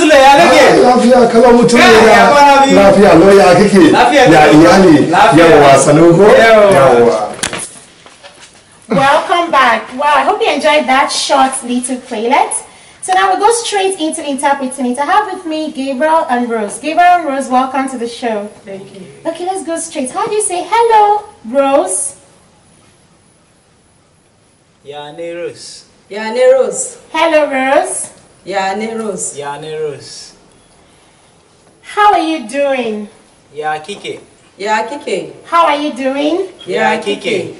Ah, welcome back. Wow, I hope you enjoyed that short little playlet. So now we go straight into interpreting it. I have with me Gabriel and Rose. Gabriel and Rose, welcome to the show. Thank you. Okay, let's go straight. How do you say hello, Rose? Yane Rose. Yane Rose. Hello, Rose. Yeah, Rose. Yeah, Rose. How are you doing? Yeah, Kike. Yeah, Kike. How are you doing? Yeah, Kike.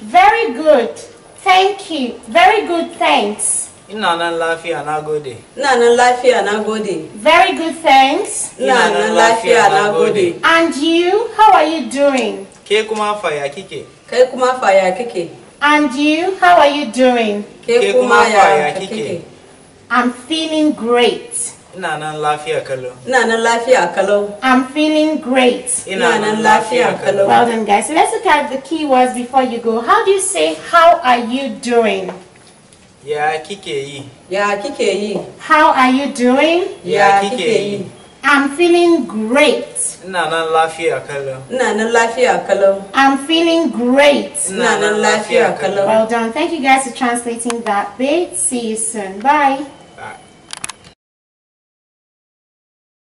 Very good. Thank you. Very good, thanks. Na na lafi na gode. Na na lafi na gode. Very good, thanks. Na na lafi na gode. And you, how are you doing? Ke kuma fa kike? Kai kuma fa kike? And you, how are you doing? Ke kuma ya kike? I'm feeling great. Ina nan lafiya kalau. Ina nan lafiya kalau. I'm feeling great. Ina nan lafiya kalau. Well done guys. So let's look at the keywords before you go. How do you say how are you doing? Yeah, kike Yeah, Ya How are you doing? Yeah, kike I'm feeling great. Ina nan lafiya kalau. Ina nan lafiya kalau. I'm feeling great. Ina nan lafiya kalau. Well done. Thank you guys for translating that bit. See you soon. Bye.